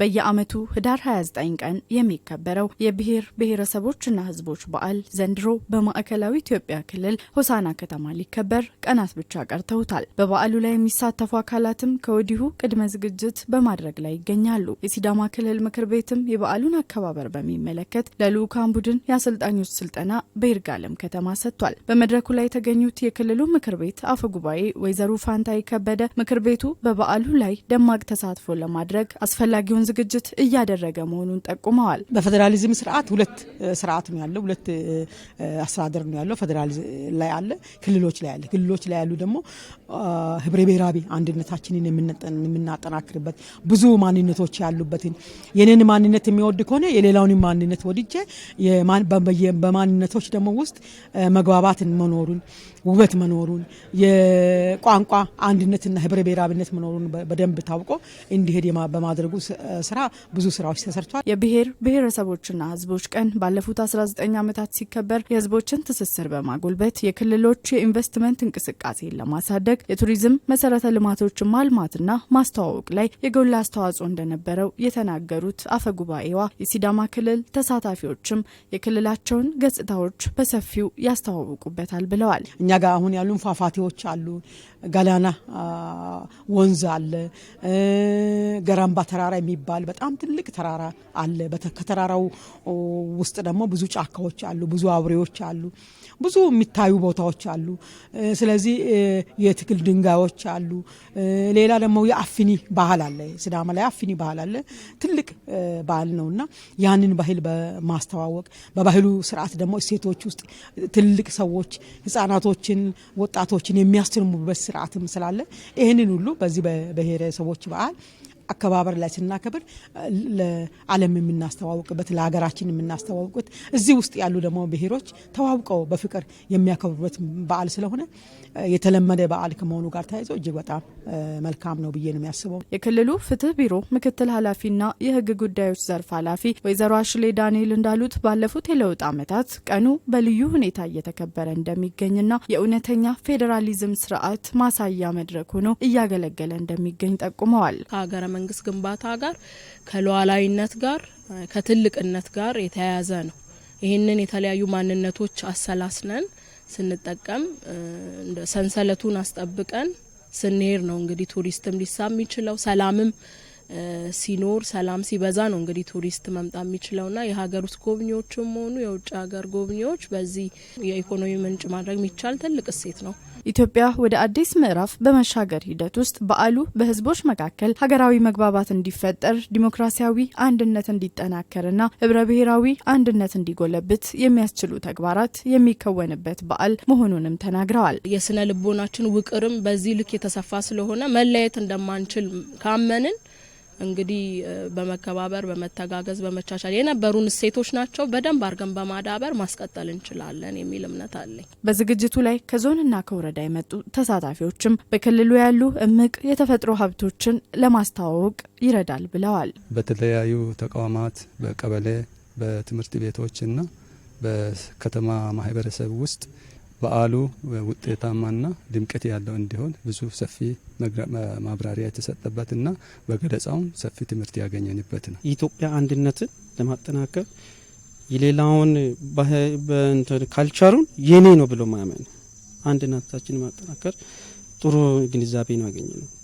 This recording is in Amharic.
በየዓመቱ ህዳር 29 ቀን የሚከበረው የብሔር ብሔረሰቦችና ህዝቦች በዓል ዘንድሮ በማዕከላዊ ኢትዮጵያ ክልል ሆሳና ከተማ ሊከበር ቀናት ብቻ ቀርተውታል። በበዓሉ ላይ የሚሳተፉ አካላትም ከወዲሁ ቅድመ ዝግጅት በማድረግ ላይ ይገኛሉ። የሲዳማ ክልል ምክር ቤትም የበዓሉን አከባበር በሚመለከት ለልዑካን ቡድን የአሰልጣኞች ስልጠና በይርጋለም ከተማ ሰጥቷል። በመድረኩ ላይ የተገኙት የክልሉ ምክር ቤት አፈ ጉባኤ ወይዘሮ ፋንታይ ከበደ ምክር ቤቱ በበዓሉ ላይ ደማቅ ተሳትፎ ለማድረግ አስፈላጊውን ዝግጅት እያደረገ መሆኑን ጠቁመዋል። በፌዴራሊዝም ስርዓት ሁለት ስርዓት ነው ያለው፣ ሁለት አስተዳደር ነው ያለው። ፌዴራሊዝም ላይ አለ፣ ክልሎች ላይ አለ። ክልሎች ላይ ያሉ ደግሞ ህብረ ብሔራዊ አንድነታችንን የምናጠናክርበት ብዙ ማንነቶች ያሉበትን የኔን ማንነት የሚወድ ከሆነ የሌላውን ማንነት ወድጄ በማንነቶች ደግሞ ውስጥ መግባባትን መኖሩን ውበት መኖሩን የቋንቋ አንድነትና ህብረ ብሔራዊነት መኖሩን በደንብ ታውቆ እንዲሄድ በማድረጉ ስራ ብዙ ስራዎች ተሰርቷል። የብሔር ብሔረሰቦችና ህዝቦች ቀን ባለፉት 19 ዓመታት ሲከበር የህዝቦችን ትስስር በማጎልበት የክልሎች የኢንቨስትመንት እንቅስቃሴን ለማሳደግ የቱሪዝም መሰረተ ልማቶችን ማልማትና ማስተዋወቅ ላይ የጎላ አስተዋጽኦ እንደነበረው የተናገሩት አፈ ጉባኤዋ የሲዳማ ክልል ተሳታፊዎችም የክልላቸውን ገጽታዎች በሰፊው ያስተዋውቁበታል ብለዋል። እኛ ጋር አሁን ያሉን ፏፏቴዎች አሉ። ጋላና ወንዝ አለ። ገራምባ ተራራ የሚባል የሚባል በጣም ትልቅ ተራራ አለ። ከተራራው ውስጥ ደግሞ ብዙ ጫካዎች አሉ፣ ብዙ አውሬዎች አሉ፣ ብዙ የሚታዩ ቦታዎች አሉ። ስለዚህ የትክል ድንጋዮች አሉ። ሌላ ደግሞ የአፊኒ ባህል አለ። ስዳማ ላይ አፊኒ ባህል አለ። ትልቅ ባህል ነው እና ያንን ባህል በማስተዋወቅ በባህሉ ስርዓት ደግሞ እሴቶች ውስጥ ትልቅ ሰዎች ህጻናቶችን፣ ወጣቶችን የሚያስትርሙበት ስርዓትም ስላለ ይህንን ሁሉ በዚህ በብሔረሰቦች በዓል አከባበር ላይ ስናከብር ለዓለም የምናስተዋውቅበት ለሀገራችን የምናስተዋውቅበት እዚህ ውስጥ ያሉ ደግሞ ብሔሮች ተዋውቀው በፍቅር የሚያከብሩበት በዓል ስለሆነ የተለመደ በዓል ከመሆኑ ጋር ተያይዞ እጅግ በጣም መልካም ነው ብዬ ነው የሚያስበው። የክልሉ ፍትህ ቢሮ ምክትል ኃላፊና የህግ ጉዳዮች ዘርፍ ኃላፊ ወይዘሮ አሽሌ ዳንኤል እንዳሉት ባለፉት የለውጥ ዓመታት ቀኑ በልዩ ሁኔታ እየተከበረ እንደሚገኝና የእውነተኛ ፌዴራሊዝም ስርዓት ማሳያ መድረክ ሆኖ እያገለገለ እንደሚገኝ ጠቁመዋል። መንግስት ግንባታ ጋር ከሉዓላዊነት ጋር ከትልቅነት ጋር የተያያዘ ነው። ይህንን የተለያዩ ማንነቶች አሰላስነን ስንጠቀም ሰንሰለቱን አስጠብቀን ስንሄድ ነው እንግዲህ ቱሪስትም ሊሳብ የሚችለው ሰላምም ሲኖር ሰላም ሲበዛ ነው እንግዲህ ቱሪስት መምጣ ና የሀገር ውስጥ ጎብኚዎችም ሆኑ የውጭ ሀገር ጎብኚዎች በዚህ የኢኮኖሚ ምንጭ ማድረግ የሚቻል ትልቅ እሴት ነው። ኢትዮጵያ ወደ አዲስ ምዕራፍ በመሻገር ሂደት ውስጥ በዓሉ በህዝቦች መካከል ሀገራዊ መግባባት እንዲፈጠር፣ ዲሞክራሲያዊ አንድነት ና ህብረ ብሔራዊ አንድነት እንዲጎለብት የሚያስችሉ ተግባራት የሚከወንበት በዓል መሆኑንም ተናግረዋል። የስነ ልቦናችን ውቅርም በዚህ ልክ የተሰፋ ስለሆነ መለየት እንደማንችል ካመንን እንግዲህ በመከባበር በመተጋገዝ በመቻቻል የነበሩን እሴቶች ናቸው። በደንብ አድርገን በማዳበር ማስቀጠል እንችላለን የሚል እምነት አለኝ። በዝግጅቱ ላይ ከዞንና ከወረዳ የመጡ ተሳታፊዎችም በክልሉ ያሉ እምቅ የተፈጥሮ ሀብቶችን ለማስተዋወቅ ይረዳል ብለዋል። በተለያዩ ተቋማት በቀበሌ በትምህርት ቤቶችና በከተማ ማህበረሰብ ውስጥ በዓሉ ውጤታማና ድምቀት ያለው እንዲሆን ብዙ ሰፊ ማብራሪያ የተሰጠበትና በገለጻውም ሰፊ ትምህርት ያገኘንበት ነው። የኢትዮጵያ አንድነትን ለማጠናከር የሌላውን ካልቸሩን የኔ ነው ብሎ ማመን አንድነታችን ማጠናከር ጥሩ ግንዛቤ ነው ያገኘ ነው።